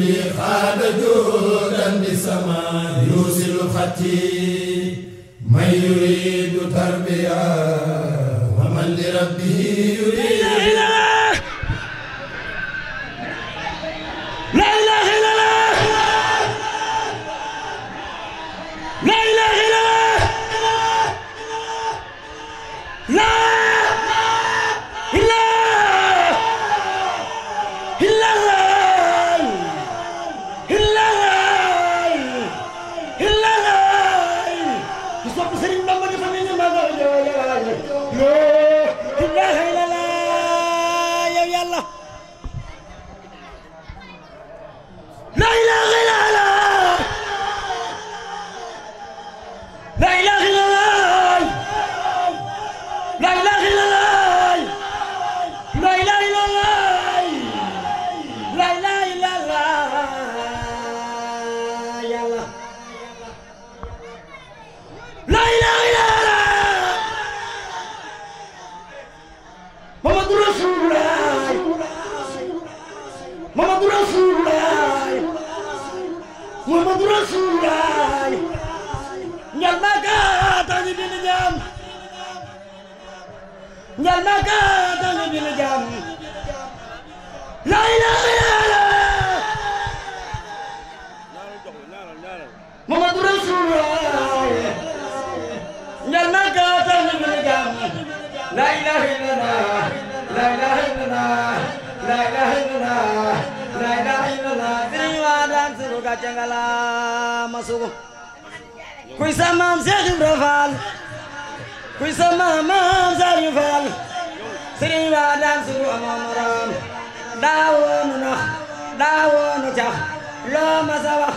li xaada joodan bi sama yuusilu xatti may yuridu tarbiya wax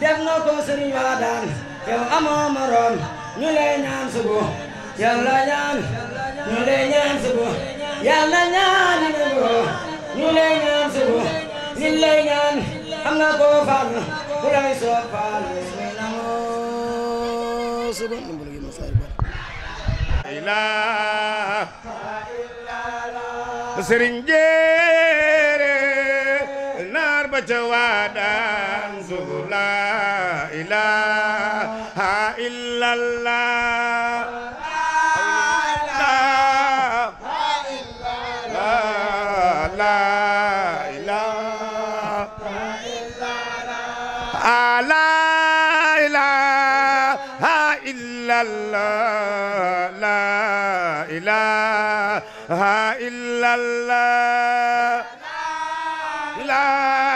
def nga ko sëriñ wa daan yow amoo morom ñu lay ñaan subu yàlla ñaan ñu lay ñaan subu yàlla ñaan ñu lay ñaan subu li lay ñaan xam nga ko faal ku lay soo faal ñu namoo subu la sëriñ jee بجوادان زغ لا إله إلا الله الله لا إله إلا الله لا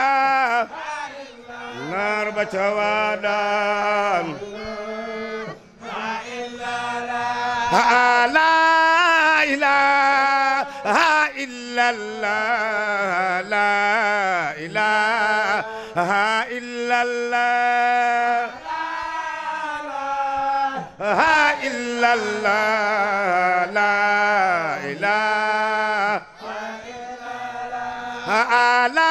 وتوالى لا إله إلا الله لا إله إلا الله لا إلا الله لا إله إلا الله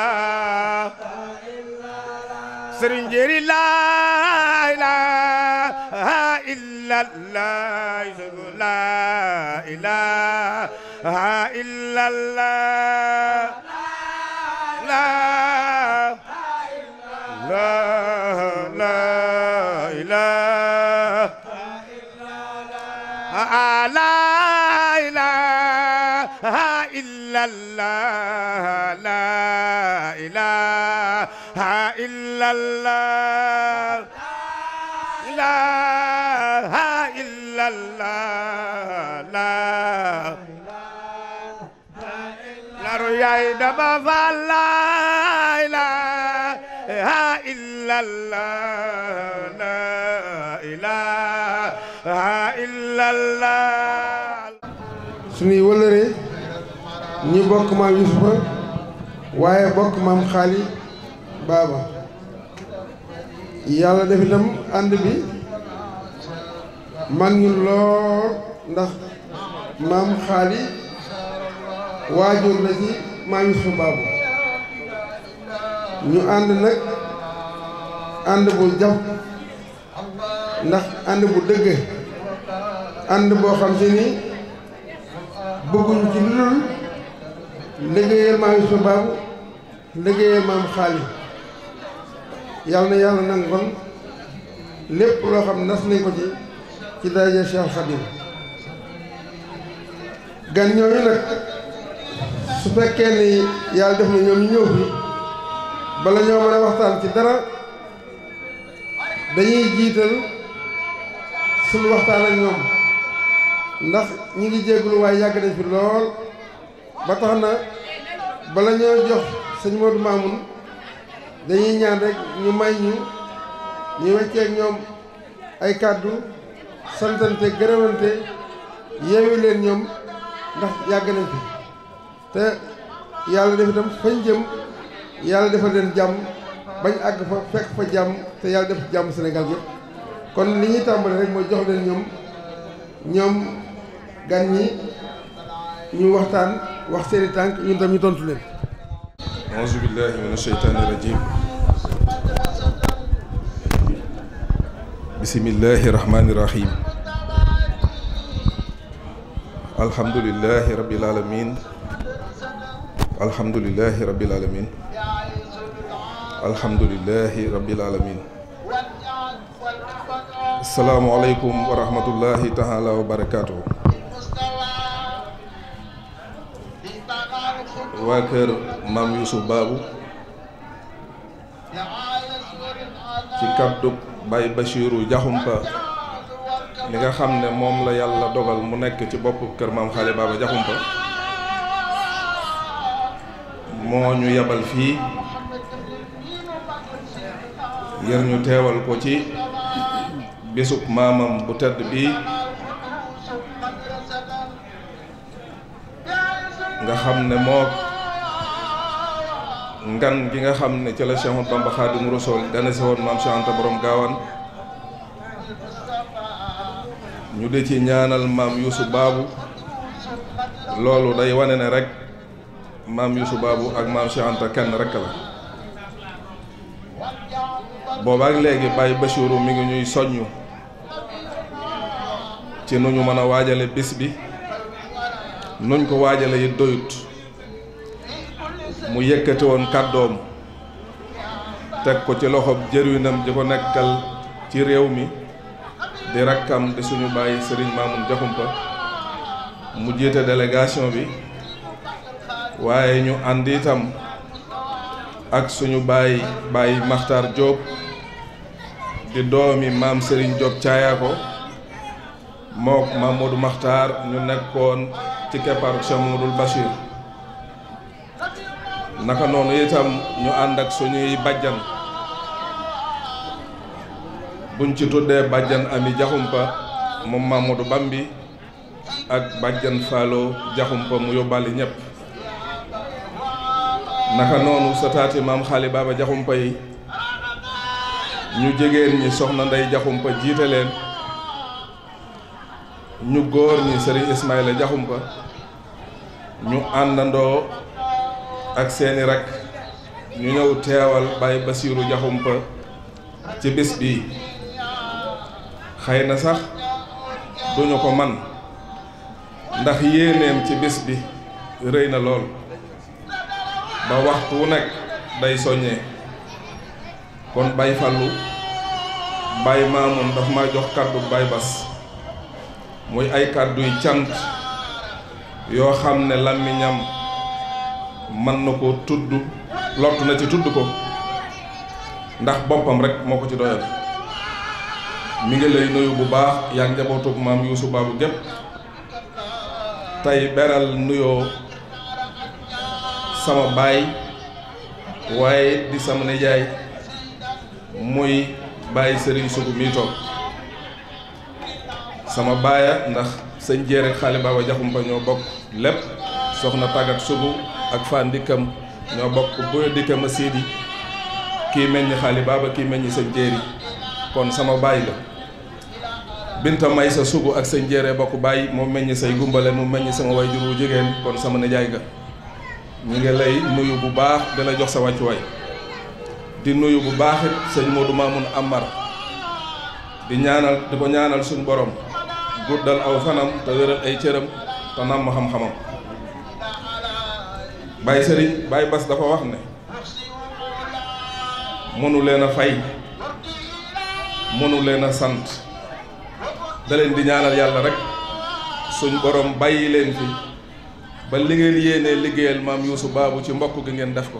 sëriñ njëri laa ilaaha illallah laa ilaaha illallah laa ilaaha illallah illallah la ilaha illallah la laru yaay waaye bokk maam Xaali Baaba yàlla def itam ànd bi man ñu lool ndax maam xaali waajur la ci maam subaabu ñu ànd nag ànd bu jaf ndax ànd bu dëgg ànd boo xam si ni bëgguñu ci lu dul liggéeyal subaabu liggéeyal maam xaali yàlla na yàlla nangoon lépp loo xam nas nañ ko ci ci daraja Cheikh Khadim gan ñooñu nag su fekkee ni yàlla def na ñoom ñu ñëw fi bala ñoo mën a waxtaan ci dara dañuy jiital suñu waxtaan ak ñoom ndax ñi ngi jéggul waaye yàgg nañ fi lool ba tax na bala ñoo jox sëñ Modou Mamoun dañuy ñaan rek ñu may ñu ñu ñoom ay kàddu santante gërëmante yeewi leen ñoom ndax yàgg nañ fi te yàlla def itam fañ jëm yàlla defal leen jàmm bañ àgg fa fekk fa jàmm te yàlla def jàmm Sénégal yëpp kon li ñuy tàmbali rek mooy jox leen ñoom ñoom gan ñi ñu waxtaan wax seeri tànk ñun tam ñu tontu leen أعوذ بالله من الشيطان الرجيم بسم الله الرحمن الرحيم الحمد لله رب العالمين الحمد لله رب العالمين الحمد لله رب العالمين السلام عليكم ورحمة الله تعالى وبركاته waa kër maam Youssouf Babou ci kàddu Baye Bachirou Diakhoumpa li nga xam ne moom la yàlla dogal mu nekk ci boppu kër maam Xaali Baba Diakhoumpa moo ñu yabal fii ngir ñu teewal ko ci bisub maamam bu tedd bi nga xam ne moo gan gi nga xam ne ci la Cheikh Bamba Xaadimu Rasuul gane si woon maam Cheikh Anta borom gaawaan ñu di ci ñaanal maam Youssou Babou loolu day wane ne rek maam Youssou Babou ak maam Cheikh kenn rek la boobaak léegi Baye Bachirou mi ngi ñuy soññ ci nu ñu mën a waajale bis bi nuñ ko waajale yi doyut mu yëkkati woon kàddoom teg ko ci loxob jëriñam ji ko nekkal ci réew mi di rakkam di suñu bàyyi Serigne Mamoun Diakhoumpa mu jiite délégation bi waaye ñu ànd itam ak suñu bàyyi bàyyi Makhtar Diop di doomi maam Serigne Diop Caayaako mook Mamadou Makhtar ñu nekkoon ci keppaaru Cheikh Mamadou Bachir naka noonu itam ñu ànd ak suñuy bàjjan buñ ci tuddee bàjjan ami jaxumpa moom Mamadou Bambi ak bàjjan Fallo jaxumpa mu yóbbaale ñëpp naka noonu sa taati maam jaxumpa yi ñu jigéen ñi soxna ndey jaxumpa jiite leen ñu góor ñi sëriñ Ismaïla jaxumpa ñu àndandoo ak seeni rak ñu ñëw teewal Baye Basiiru Jaxumpa ci bis bi xëy na sax duñu ko man ndax yéeneem ci bis bi rëy na lool ba waxtu wu nekk day soññee kon Baye Fàllu Baye Maamoun daf ma jox kàddu Baye Bas muy ay kàdduy cant yoo xam ne làmmiñam mën na ko tudd lott na ci tudd ko ndax boppam rekk moo ko ci doyal mu ngi lay nuyu bu baax yaa njabootug maam Yuusu Baabu gépp tey beral nuyoo sama baay waaye di sama nijaay muy bàyyi sëriñ sugu mii toog sama baaya ndax sëñ jéer ak jaxum ba ñoo bokk lépp soxna tàggat sugu ak fan Dikam ñoo bokk bu Dikam a Sidi ki melni xaali baba ki melni jeri kon sama bayi. la Binta may sa sugu ak sëñ jere bokk baye mo melni say gumbalé mo melni sama wayjuru jigen kon sama nijaay ga ñi nga lay nuyu bu baax di la jox sa way di nuyu bu baax it sëñ Modou Mamoun Amar di ñaanal di ko ñaanal suñu borom guddal aw fanam te wëral ay cëram xam-xamam Baye Serigne Baye Bass dafa wax ne mënu leen a fay mënu leen a sant da leen di ñaanal yàlla rek suñ borom bàyyi leen fi ba li ngeen yéenee liggéeyal maam Youssou Babou ci mbokk gi ngeen def ko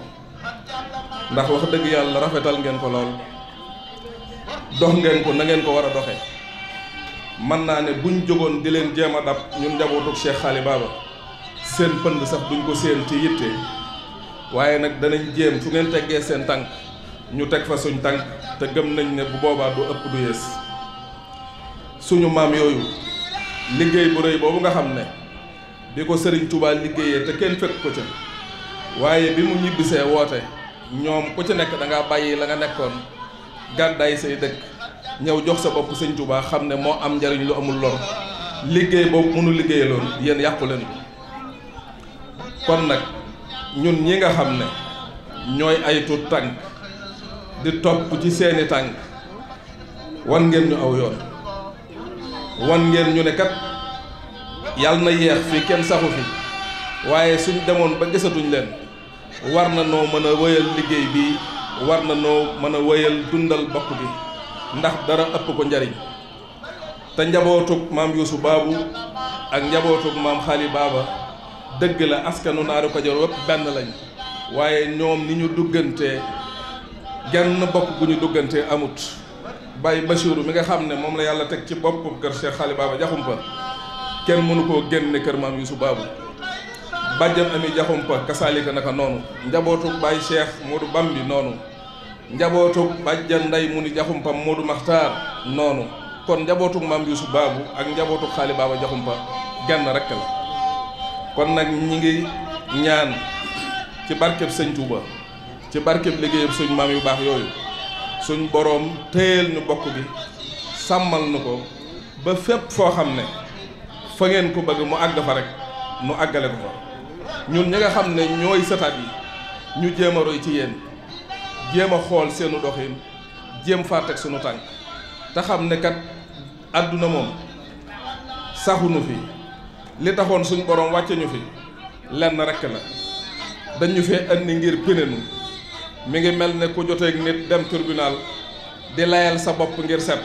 ndax wax dëgg yàlla rafetal ngeen ko lool dox ngeen ko na ngeen ko war a doxee mën naa ne buñ jógoon di leen jéem a dab ñu njabootug Cheikh Xaali Baba seen pënd sax duñ ko séen ci yitte waaye nag danañ jéem fu ngeen teggee seen tànk ñu teg fa suñ tànk te gëm nañ ne bu boobaa bu ëpp du yées suñu maam yooyu liggéey bu rëy boobu nga xam ne bi ko Sëriñ tubaa liggéeyee te kenn fekk ko ca waaye bi mu ñibbisee woote ñoom ku ci nekk da ngaa bàyyi la nga nekkoon gàddaay say dëkk ñëw jox sa bopp Sëñ tubaa xam ne moo am njariñ lu amul lor liggéey boobu mënu liggéeyaloon yéen yàqu leen kon nag ñun ñi nga xam ne ñooy ay tuut tànk di topp ci seeni tànk wan ngeen ñu aw yoon wan ngeen ñu ne kat yàlla na yeex fii kenn saxu fi waaye suñ demoon ba gisatuñ leen war na noo mën a wëyal liggéey bi war na noo mën a wëyal dundal bokk bi ndax dara ëpp ko njariñ te njabootug maam Yuusu Baabu ak njabootug maam Xaali Baaba dëgg la askanu naaru Kajoor benn lañ waaye ñoom ni ñu duggante genn bokk gu ñu duggante amut Baye Bachirou mi nga xam ne moom la yàlla teg ci boppam kër Cheikh Xaali Baba Jaxumpa kenn mënu koo génne kër maam Yuusu Baabu bàjjan ami Jaxumpa kasaalika naka noonu njabootu Baye Cheikh Modou Bambi noonu njabootu bàjjan nday mu ni Jaxumpa Modou Maxtaar noonu kon njabootu maam Yuusu Baabu ak njabootu Xaali Baba Jaxumpa genn rekk kon nag ñi ngi ñaan ci barkeb sëñ Touba ci barkeb liggéeyam suñ maam yu baax yooyu suñ boroom téyel ñu bokk bi sàmmal nu ko ba fépp foo xam ne fa ngeen ko bëgg mu àgg fa rek nu àggale ko fa ñun ñi nga xam ne ñooy sëtaat yi ñu jéem a roy ci yéen jéem a xool seenu doxin jéem faa teg sunu tànk te xam ne kat àdduna moom saxunu fi li taxoon suñ borom wàcce ñu fi lenn rekk la dañu fee andi ngir pénénu mi ngi mel ne ku joteeg nit dem tribunal di layal sa bopp ngir set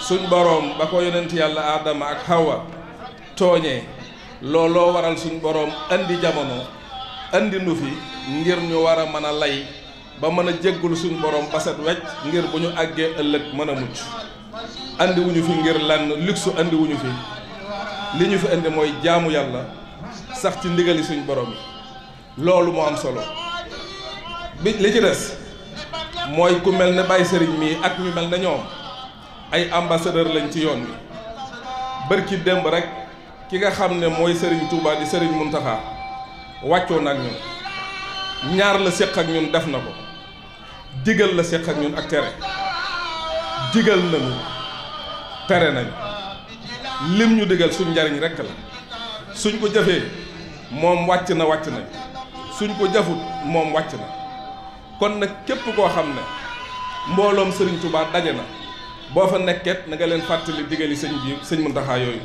suñ boroom bako ko yonent yàlla aadama ak hawa tooñee looloo waral suñ boroom andi jamono andi nu fi ngir ñu war a mën a lay ba mën a jéggul suñ boroom ba wecc ngir bu ñu àggee ëllëg mën a mucc andi wuñu fi ngir lenn luxe andi wuñu fi li ñu fi indi mooy jaamu yàlla sax ci ndigali suñu borom bi loolu moo am solo bi li ci des mooy ku mel ne Baye sëriñ mii ak ñu mel ne ñoom ay ambassadeur lañ ci yoon wi ki démb rek ki nga xam ne mooy sëriñ Touba di Serigne Mountakha wàccoo na ak ñun ñaar la séq ak ñun def na ko digal la séq ak ñun ak tere digal nañu tere nañu lim ñu digal suñ njariñ rekk la suñ ko jëfee moom wàcc na wàcc na suñ ko jafut moom wàcc na kon nag képp koo xam ne mbooloom sëriñ Touba daje na boo fa nekket na nga leen fàttali digali sëñ bi sëñ Muntaxa yooyu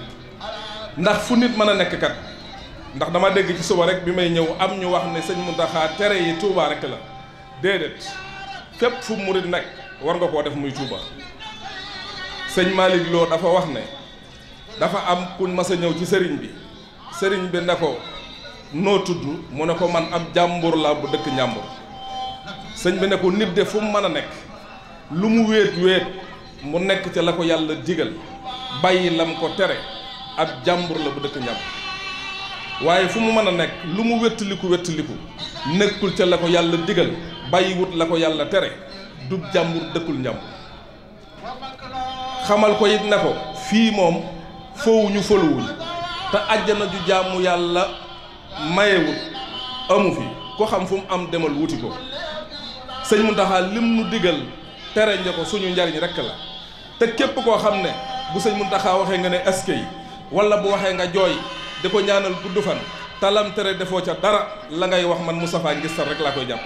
ndax fu nit mën a nekk kat ndax dama dégg ci suba rek bi may ñëw am ñu wax ne sëñ Muntaxa tere yi tuubaa rekk la déedéet fépp fu mu murit nekk war nga koo def muy Touba sëñ Malick Lo dafa wax ne dafa am kuñ mas a ñëw ci sëriñ bi sëriñ bi ne ko noo tudd mu ne ko man ab jàmbur la bu dëkk njàmbur sëñ bi ne ko nit de fu mu mën a nekk lu mu wéet wéet mu nekk ca la ko yàlla digal bàyyi lam ko tere ab jàmbur la bu dëkk njàmbur waaye fu mu mën a nekk lu mu wettaliku wettaliku nekkul ca la ko yàlla digal bàyyiwut la ko yàlla tere du jàmbur dëkkul njàmbur xamal ko it ne ko fii moom fowuñu fëluwuñu te àjjana ju jàmm yàlla mayewut amu fi ko xam fu mu am demal wuti ko sëñ Muntaxa lim nu digal tere nga ko suñu njariñ rekk la te képp koo xam ne bu sëñ Muntaxa waxee nga ne aske yi wala bu waxee nga jooy di ko ñaanal gudd fan talam tere defoo ca dara la ngay wax man Moustapha Ngissal rek laa koy jàpp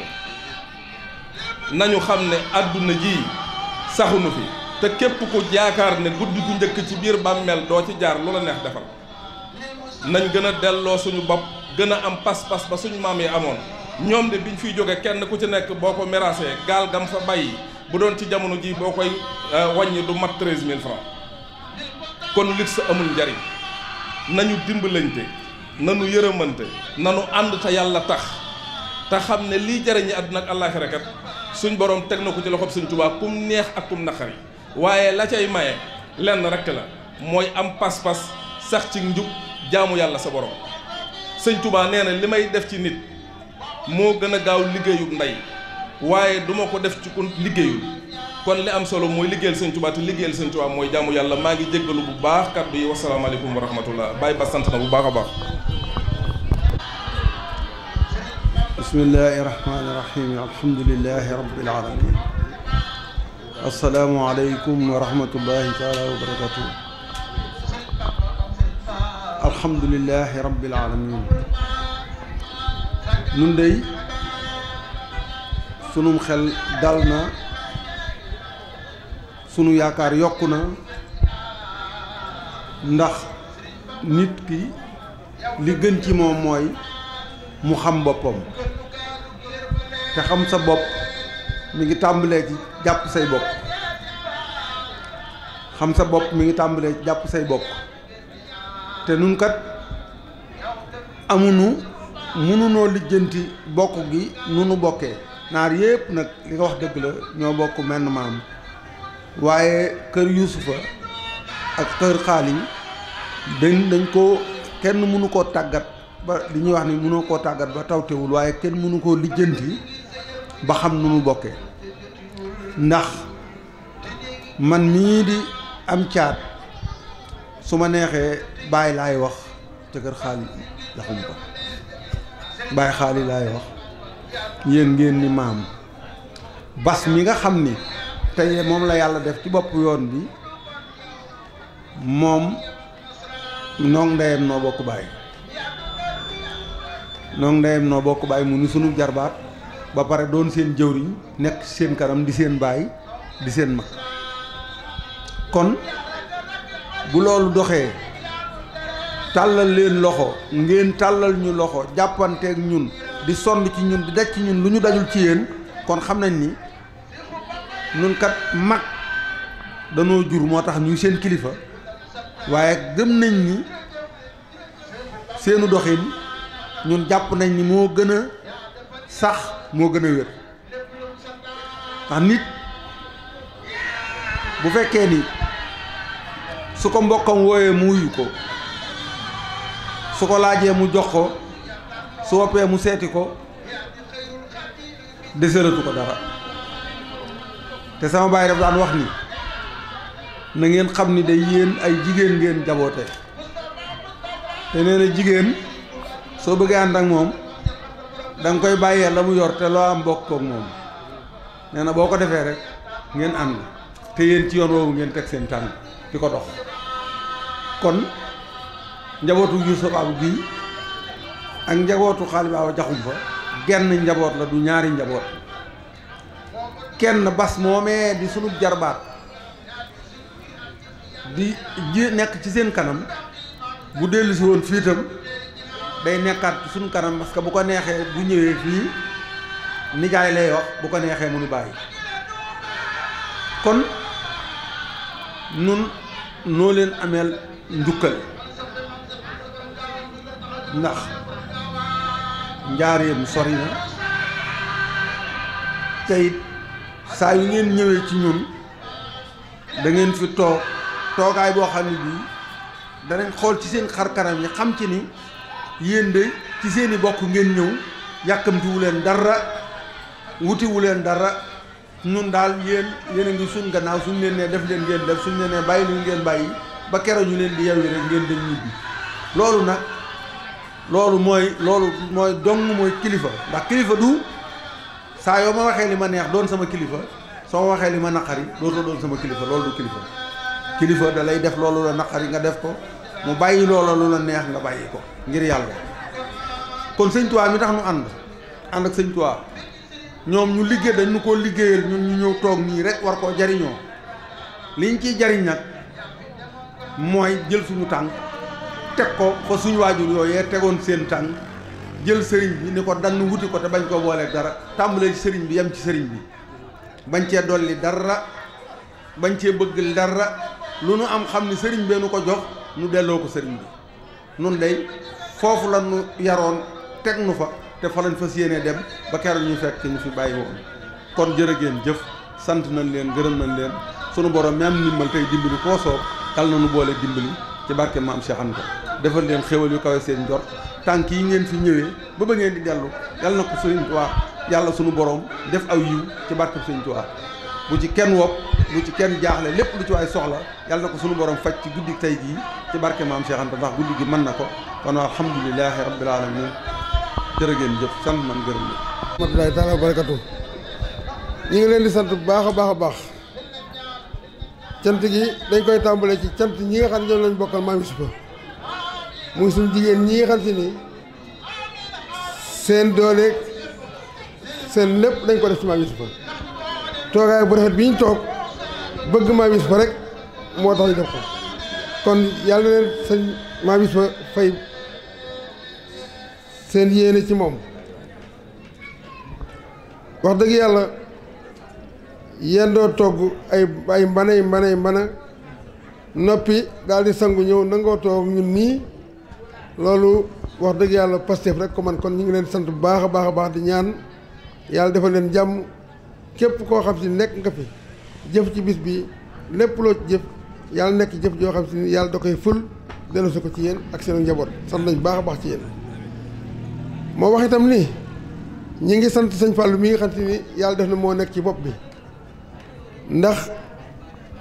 nañu xam ne àdduna ji saxunu fi te képp ku yaakaar ne guddi gu njëkk ci biir bàmmeel doo ci jaar lu la neex defal nañ gën a delloo suñu bopp gën a am pas-pas ba suñu maam yi amoon ñoom de biñ fiy jóge kenn ku ci nekk boo ko mérasee gaal gam fa bàyyi bu doon ci jamono ji boo koy euh, wàññi du mat treize mille francs kon luxe amul njariñ nañu dimbalante nanu yërëmante nanu ànd te yàlla tax te xam ne lii jariñi àdduna ak àllaaxira kat suñu borom teg na ko ci loxob Sëñ Tuubaa kum neex ak kum naqari waaye la cay maye lenn rekk la mooy am pas-pas sax ci njub jaamu yàlla sa borom sëñ Touba nee na li may def ci nit moo gën a gaaw liggéeyub ndey waaye duma ko def ci ku liggéeyul kon li am solo mooy liggéeyal sëñ Touba te liggéeyal sëñ Touba mooy jaamu yàlla maa ngi jéggalu bu baax kàddu yi wasalaamaaleykum wa rahmatullah bàyyi ba sant na bu baax a baax bismillahi rahmaani rahim alhamdulilahi rabbil alamin السلام عليكم ورحمة الله تعالى وبركاته الحمد لله رب العالمين نندي سنو خل دالنا سنو ياكار يوكنا ndax nit ki li gën ci mom moy mu mi ngi tambalé ci japp say bopp xam sa bopp mi ngi tambalé ci japp say té nun kat amunu no lijeenti bokk gi nunu bokké nar yépp nak li nga wax deug la ño bokk menn maam wayé kër yusufa ak kër xaalim dañ dañ ko kenn munu ko tagat ba li ñuy wax ni munu ko tagat ba tawtewul wayé kenn munu ko lijeenti ba xam nu mu bokkee ndax man mii di am caat su ma neexee bàyyi laay wax ca kër xaali laxum ko bàyyi xaali laay wax yéen ngeen ni maam bas mi nga xam ni tey moom la yàlla def ci bopp yoon bi moom noog ndeyam noo bokk bàyyi noog ndeyam noo bokk bàyyi mu ni sunu jarbaat ba pare doon seen jëwriñ nek seen karam di seen bay di seen mag kon bu lolou doxé talal leen loxo ngeen talal ñu loxo ak ñun di sonn ci ñun di dacc ci ñun luñu dajul ci yeen kon xamnañ ni ñun kat mak, dañu jur motax ñu seen kilifa waye gëm nañ ni seenu doxine ñun japp nañ ni mo gëna sax moo gën a wér ndax nit bu fekkee ni su ko mbokkam wooyee mu wuyu ko su ko laajee mu jox ko su woppee mu seeti ko deseratu ko dara te sama baay daf daan wax ni na ngeen xam ni day yéen ay jigéen ngeen jaboote te nee na jigéen soo bëggee ànd ak moom danga koy bàyyee la mu yor te loo am bokk koog moom nee na boo ko defee rek ngeen ànd te yéen ci yoon woowu ngeen teg seen tànk di ko dox kon njabootu Yuusu Babu gii ak njabootu Xaali Baaba jaxum fa genn njaboot la du ñaari njaboot kenn bas moomee di sunu jarbaat di ji nekk ci seen kanam bu dellusi woon fii itam day nekkaat ci kanam parce que bu ko neexee bu ñëwee fii nijaay lay wax bu ko neexee mu nu bàyyi kon nun noo leen ameel njukkal ndax njaareem sori na tey saa yu ngeen ñëwee ci ñun da ngeen fi toog toogaay boo xam ne bii danañ xool ci seen xar kanam yi xam ci ni yéen de ci seeni bokk ngeen ñëw yàkkamtiwu leen dara wutiwu leen dara ñun daal yéen yéen a ngi suñ gannaaw suñ leen nee def leen ngeen def suñ leen ne bàyyi lu ngeen bàyyi ba keroog ñu leen bi yewi rek ngeen dem ñibbi loolu nag loolu mooy loolu mooy dong mooy kilifa ndax kilifa du saa yoo ma waxee li ma neex doon sama kilifa soo ma waxee li ma naqari dootoo doon sama kilifa loolu du kilifa kilifa da lay def loolu la naqari nga def ko mu bayyi lolo lu la neex nga bayyi ko ngir yalla kon seigne Tuubaa mi tax nu and and ak seigne Tuubaa ñom ñu liggéey dañ nu ko liggéeyal ñun ñu ñew tok ni rek war ko jariño liñ ci jariñ nak moy jël suñu tank tek ko fa suñu wajur yoyé tegon seen tank jël bi ni ko dann wuti ko te bañ ko bolé dara tambalé ci sëriñ bi yam ci sëriñ bi bañ ci doli dara bañ ci bëgg dara lu nu am xamni ni sëriñ ko jox ñu delloo ko sëriñ bi nun day foofu la nu yaroon teg nu fa te fa lañ fas yéenee dem ba keroog ñu fekk ñu fi bàyyi woon kon jërë ngeen jëf sant nañ leen gërëm na leen sunu borom mi am ndimbal tey dimbali koo soob kal na nu boole dimbali ci barke maam Cheikh Anta defal leen xéwal yu kawe seen njort tànk yi ngeen fi ñëwee ba ba di dellu yàlla na ko sëriñ Tuubaa yàlla sunu boroom def aw yiw ci barke sëriñ Tuubaa bu ci kenn wopp lu ci kenn jaaxle lépp lu ci waay soxla yàlla na ko sunu boroom faj ci guddi tey jii ci barke maam Cheikh Anta ndax guddi gi mën na ko kon alhamdulilahi rabbil alamin jërë ngeen jëf sant man gërëm la. rahmatullahi taala barakatu ñu ngi leen di sant bu baax a baax a baax cant gi dañ koy tàmbale ci cant ñi nga xam ne ñoom lañ bokkal maam Yusufa muy suñu jigéen ñi nga xam si ni seen dooleeg seen lépp dañ ko def ci maam Yusufa toogaay bu rafet bi ñu bëgg ma wis fa rek mo tax def ko kon yalla na leen sëñ maa wis fa fay seen yéene ci moom wax dëgg yàlla yéen togg ay ay mbanay mbanay mbana noppi daal di sangu ñëw nangoo toog ñun nii loolu wax dëgg yàlla Pastef rek ko man kon ñu ngi leen sant bu baax a baax a baax di ñaan yàlla defal leen jàmm képp koo xam si nekk nga fi jëf ci bis bi lépp loo ci jëf yàlla nekk jëf joo xam si ni yàlla da koy ful delloo si ko ci yéen ak seen njaboot sant nañ baax a baax ci yéen moo wax itam ni ñi ngi sant sëñ Fallou mi nga xam si ni yàlla def na moo nekk ci bopp bi ndax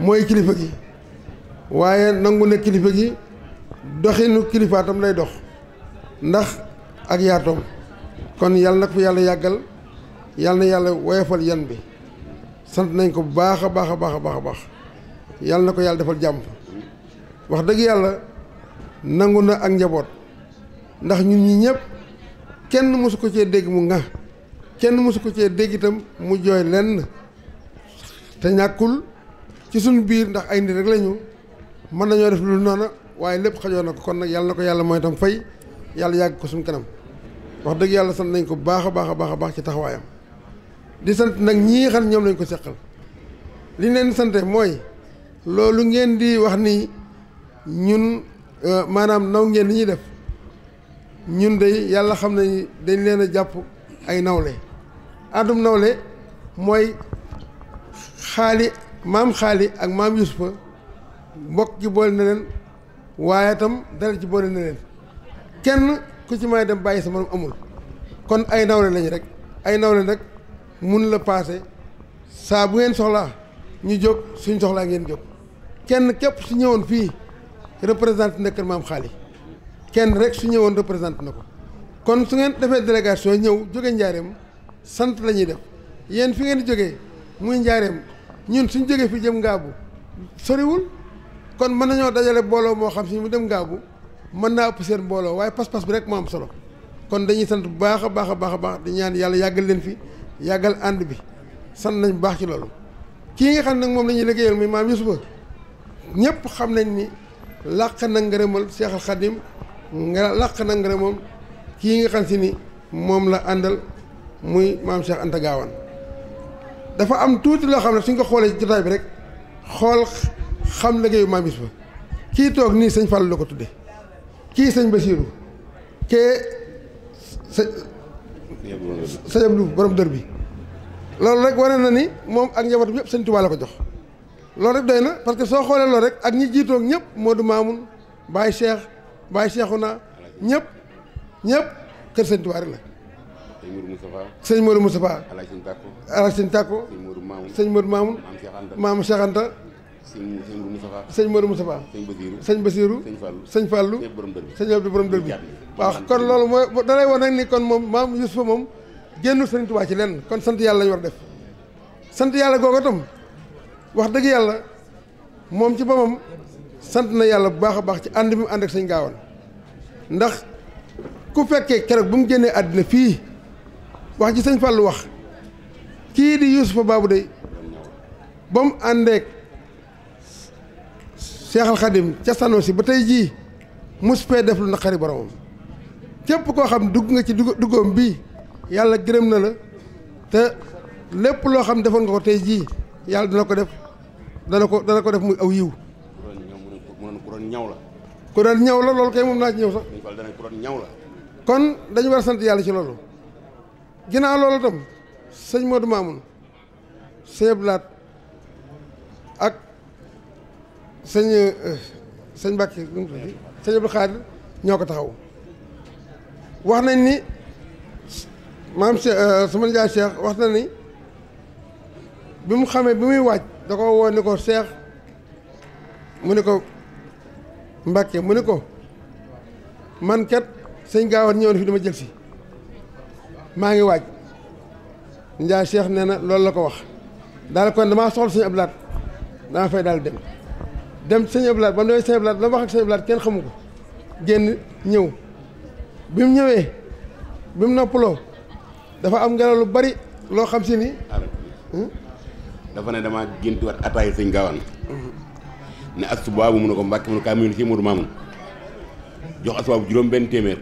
mooy kilifa gi waaye nangu ne kilifa gi doxinu kilifaa tam lay dox ndax ak yaatoom kon yàlla na ko fi yàlla yàggal yàlla na yàlla woyofal yan bi sant nañ ko bu baax a baax a baax a baax a baax yàlla na ko yàlla defal jàmm wax dëgg yàlla nangu na ak njaboot ndax ñun ñi ñëpp kenn mosu ko cee dégg mu nga kenn mosu ko cee dégg itam mu jooy lenn te ñàkkul ci sunu biir ndax ay nit rek lañu mën nañoo def lu noona waaye lépp xajoo na ko kon nag yàlla na ko yàlla mooy itam fay yàlla yàgg ko suñu kanam wax dëgg yàlla sant nañ ko baax a baax baax a baax ci taxawaayam di sant nag ñii xam ñoom lañ ko seqal li leen sante mooy loolu ngeen di wax ni ñun euh, maanaam naw ngeen li ñuy def ñun day yàlla xam nañ dañ leen a jàpp ay nawle addum nawle mooy xaali maam xaali ak maam yusufa mbokk ci boole na leen waaye tam dara ci boole na leen kenn ku ci may dem bàyyi sa morom amul kon ay nawle lañu rekk ay nawle nag mun la paase saa bu ngeen soxlaa ñu jóg suñ soxlaa ngeen jóg kenn képp su ñëwoon fii représenté na kër maam xaali kenn rek su ñëwoon représenté na ko kon su ngeen defee délégation ñëw jógee njaareem sant lañuy def yéen fi ngeen jógee muy njaareem ñun suñ jógee fi jëm ngaabu soriwul kon mën nañoo dajale booloo moo xam si mu dem ngaabu mën naa ëpp seen mbooloo waaye pas-pas bi rek moo am solo kon dañuy sant bu baax a baax a baax a baax di ñaan yàlla yàggal leen fi yagal and bi san nañ bax ci lolu ki nga xam nak mom lañu ñuy liggéeyal muy maam Yusufa ñepp xam nañ ni laq na cheikh al khadim nga laq na ngërëmal ki nga xam ci ni mom la andal muy mam Cheikh Anta dafa am tuuti lo xam ne suñ ko xolé ci jotaay bi rek xol xam liggéeyu maam Yusufa kii toog nii sëñ Fallou la ko tudde kii sëñ Basiiru sëñ Abdou borom dër bi loolu rek wane na ni moom ak njabootu bi yëpp sëñ ko jox loolu rek doy na parce que soo xoolee loolu rek ak ñi jiitoog ñëpp Modou Mamoun Baye Cheikh Baye Cheikhouna ñëpp ñëpp kër sëñ Tuubaa rek la sëñ Modou Moustapha sëñ Modou Moustapha alaaj sëñ Tàkko alaaj sëñ Tàkko sëñ Modou Mamoun sëñ sëñ Modou Moustapha sëñ Moustapha sëñ Basirou sëñ Basirou Fallou sëñ Fallou sëñ Abdou kon loolu mooy da wax nag ni kon moom ci lenn kon sant yàlla lañ war def sant yàlla googu itam wax dëgg yàlla moom ci boppam sant na yàlla bu baax baax ci ànd bi mu ànd ak sëñ Gaawaan ndax ku fekkee keroog bu mu génnee àddina fii wax ci sëñ Fallou wax kii di Youssoupha Babou de Cheikhal Khadim ca sanoo si ba tey jii muspee def lu naqari boromam képp koo xam dugg nga ci dugg duggoom bii yàlla gërëm na la te lépp loo xam defoon nga ko tey jii yàlla dana ko def dana ko dana ko def muy aw yiw ku doon ñaw la ku doon ñaw la loolu kay moom naa ci ñëw sax ku doon ñaw la kon dañu war a sant yàlla ci loolu ginaa loolu tam sëñ Modou Mamoun sëñ Abdou Lahat sëñ euh, sëñ Mbacke sëñ Abdou Khadir ñoo ko taxaw wax nañ ni maam Cheikh euh, sama nijaay Cheikh wax na ni bi mu xamee bi muy waaj da ko woo ni ko Cheikh mu ni ko Mbacke mu ni ko manket kat sëñ Gaawar ñëw na fi dama jël si maa ngi waaj nijaay Cheikh nee na loolu la ko wax daal kon damaa soxla sëñ Abdou Lahat dama fay daal dem dem sëñ Ablaat ba mu demee sëñ Ablaat la wax ak sëñ Ablaat kenn xamu ko génn ñëw bi mu ñëwee bi mu noppaloo dafa am ngelaw lu bari loo xam si ni. Hmm? dafa ne damaa gént war ataay sëñ Gaawaan. ne asubaabu mu ne ko mbàkk mu ne kaa mu ne si Modou Mamoun jox asubaabu juróom benn téeméer.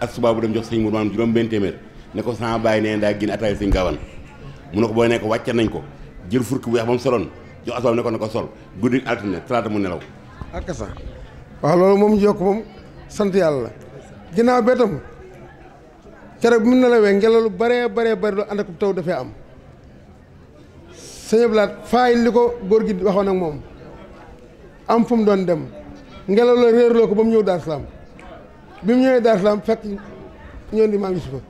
asubaabu dem jox sëñ Modou Mamoun juróom benn téeméer ne ko sama bàyyi nee daa génn ataay sëñ Gaawaan mu ne ko booy ne ko wàcce nañ ko jël furk bu weex ba mu soloon jo asbaab ne ko na ko sol guddi altine talaata mu nelaw ak sa waaw lolu mom jokk mom sant yalla ginnaaw betam kere bu bi mu nelawee ngelaw lu bare bare bare lu andak taw da fe am sëñ Ablaat faay liko gor góor gi waxoon ak mom am fum don dem ngel lu reer lo ko bam ñew dar salam bim ñewé dar salam fek ñoon fekk ñëw di maam Yusufa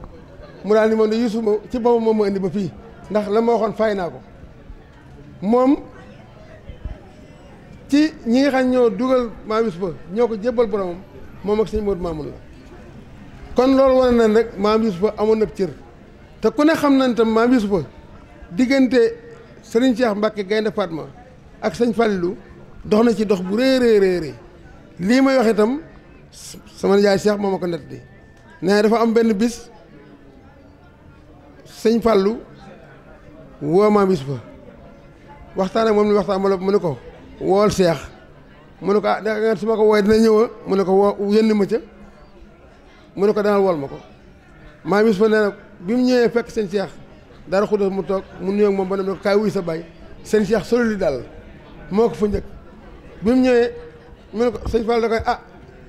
mu dal ni moom yusuf Yusufa ci boppam moom moo indi ba fi ndax la mo waxoon faay naa ko ci ñi nga xam ñoo dugal maam Yusufa ñoo ko jébbal boromam moom ak sëñ Moodu Maamun la kon loolu wane na rek maam Yusufa amoon na cër te ku ne xam nañ tam maam Yusufa diggante sëriñ Cheikh Mbacke Gaynde Fatma ak sëñ Fallou dox na ci dox bu rëy rëy rëy lii may wax tam sama nijaay Cheikh moo ma ko nettali nee dafa am benn bis sëñ fallu woo maam Yusufa waxtaan ak moom ni waxtaan ma la mu ne ko. wol cheikh mu ko da nga su ko woy dina ñëw mu ne ko ah, woo ah. ma ca mu ne ko danal wol ma ko bis fa neena na bi mu ñëwee fekk seen cheikh dara xudu mu tok mu ñëw mom banam ne wuy sa bay seen cheikh solo li dal moko fu ñëk bi mu ko Fall da koy ah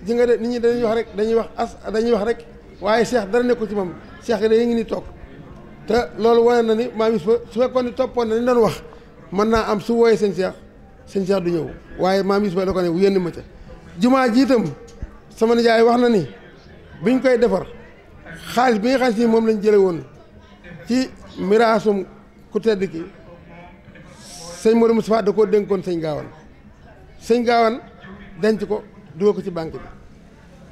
ji nga de nit ñi dañuy wax rek dañuy wax as dañuy wax rek waye cheikh dara neeku ci mom cheikh da ngi ni tok te loolu wane na ni ma bis fa su fekkoon ni ni doon wax man na am su woy seen cheikh sëñ Cheikh du ñëw waaye maam Ismaël da ko ne yónni ma ca jumaa jiitam sama nijaay wax na ni biñ koy defar xaalis bi nga xam si moom lañ jële woon ci miraasum ku tedd ki sëñ Modou Moustapha da koo dénkoon sëñ Gaawan sëñ Gaawan denc ko dugal ko ci banque bi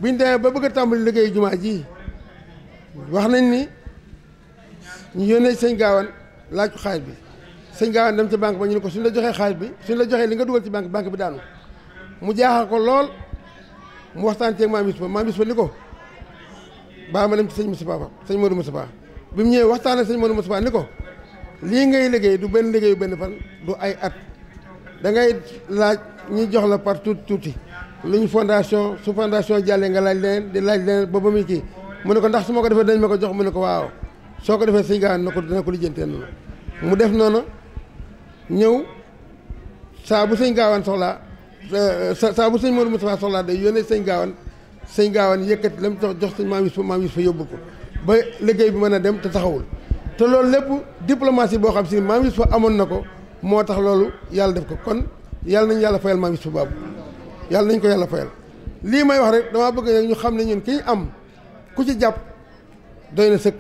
biñ demee ba bëgg a tàmbali liggéey jumaa ji wax nañ ni ñu yónnee sëñ Gaawan laaj ko xaalis bi sëñ a dem ci banque ba ñu ne ko suñ la joxee xaalis bi suñ la joxee li nga dugal ci banque banque bi daanu mu jaaxal ko lool mu waxtaan ceeg maam Youssoupha maam Youssoupha ni ko baa ma dem ci sëñ Moustapha ba sëñ Modou Moustapha bi mu ñëwee waxtaan ak sëñ Modou Moustapha ni ko lii ngay liggéey du benn liggéeyu benn fan du ay at da ngay laaj ñi jox la par tuuti lu ñu fondation su fondation jàllee nga laaj leneen di laaj leneen ba ba muy kii mu ne ko ndax su ma ko defee dañ ma ko jox mu ne ko waaw soo ko defee sëñ gaawaan na ko dana ko lijjantee noonu mu def noonu ñëw saa bu sëñ gaawaan soxlaa saa bu sëñ Modou Moustapha soxlaa day yónnee sëñ gaawaan sëñ gaawaan yëkkati la mu jox jox sëñ maam Youssouf maam Youssouf yóbbu ko ba liggéey bi mën a dem te taxawul te loolu lépp diplomatie boo xam si maam Youssouf amoon na ko moo tax loolu yàlla def ko kon yàlla nañu yàlla fayal maam Youssouf baabu yàlla nañ ko yàlla fayal lii may wax rek damaa bëgg nag ñu xam ne ñun ki ñu am ku ci jàpp doy na sëkk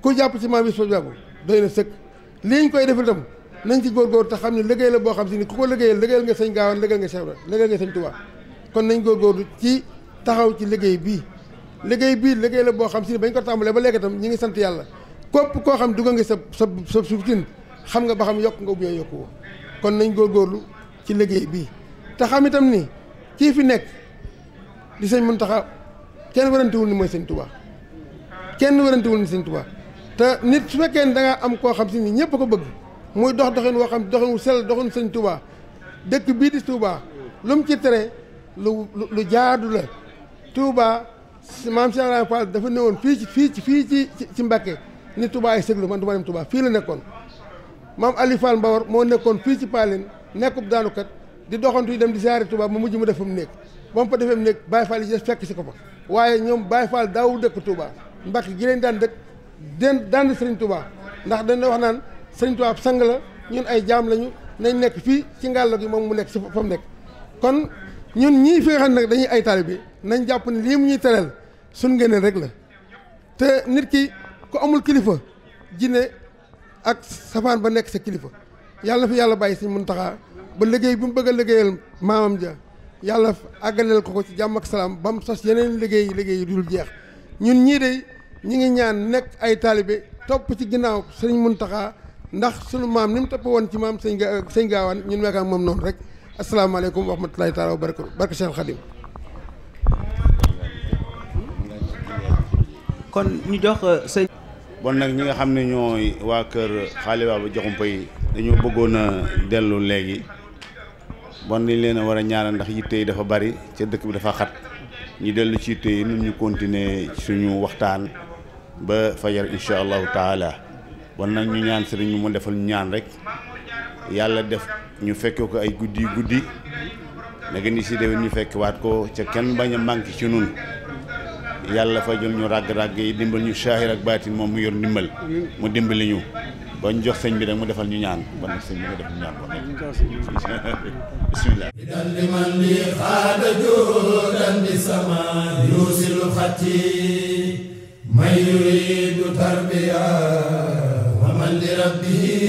ku jàpp si maam Youssouf baabu doy lii ñu koy def itam nañ ci gor gor ta xamni liggey la bo xam si ni ku ko liggéeyal liggéeyal nga señ gawan liggéeyal nga sewra liggéeyal nga señ tuba kon nañ gor ci taxaw ci liggey bi liggey bi liggey la bo xam si ni bañ ko tambale ba léegi itam ñi ngi sant yalla képp ko xam duga nga sa sa sa xam nga ba xam yok nga bu yok ko kon nañ góorgóorlu ci liggey bi ta xam itam ni ki fi nek di señ Muntaxa kenn wul ni moy señ tuba kenn wul ni señ tuba ta nit su fekkee da nga am koo xam si ni ñëpp ko bëgg muy dox doxin woo xam doxin sel sell doxin sëñ Touba dëkk bii di Touba lu mu ci tere lu lu jaadu la Touba maam Cheikh Ibrahima Fall dafa newoon fii ci fii ci fii ci ci Mbacké ni Touba ay sëglu man du ma fii la nekkoon maam Ali Fall Mbawar moo nekkoon fii ci Paline nekkub daanukat di doxantu yi dem di siyaare Touba mu mujj ma def fa mu nekk ba mu fa defee mu nekk Baye Fall yi si ko fa waaye ñoom Baye Fall daawu dëkk Touba Mbacké gi leen daan dëkk den daan Serigne ndax dañ wax serigne Tuubaa sang la ñun ay jam lañu nañ nek fi ci ngàllo gi mom mu nek fa kon ñun ñi fi xam nak dañuy ay talibé nañ japp ne lii mu ñuy tereel suñ rek la te nit ki ku amul kilifa jine ak safan ba nek sa kilifa yalla fi yàlla bàyyi sëñ Muntaxaa ba liggéey bu mu bëgg a liggéeyal maamam ja yalla agalel ko ko ci jam ak salam bam sos yeneen liggéey liggéey yu dul jeex ñun ñi de ñi ngi ñaan nek ay talibé top ci ginaaw serigne muntaha ndax sunu maam ni mu topp woon ci maam sëñ ga sëñ gaawaan ñun meekaa moom noonu rek asalaamaaleykum wa rahmatulahi taala wa barakatu barke Cheikh Khadim kon ñu jox euh, sëñ bon nag ñu nga xam ne ñooy waa kër xaali ba joxumpa dañoo bëggoon a dellu léegi bon dañ leen a war a ñaanal ndax yitte yi dafa bari ca dëkk bi dafa xat ñu dellu ci yitte nun ñu continuer suñu waxtaan ba fajar incha allahu taala bon nag ñu ñaan sëriñ bi mu defal ñu ñaan rek yàlla def ñu fekke ko ay guddi guddi nag ni si déwén ñu fekk waat ko ca kenn bañ a manqué ci nun yàlla fajal ñu ràgg-ràgg yi dimbal ñu saahir ak baatin moom mu yor ndimbal mu dimbali ñu ba jox sëñ bi rek mu defal ñu ñaan ba nag sëñ bi nga def ñu ñaan ko bismillah idan li man li xaada joodan di sama yuusilu xatti tarbiya bandeira B.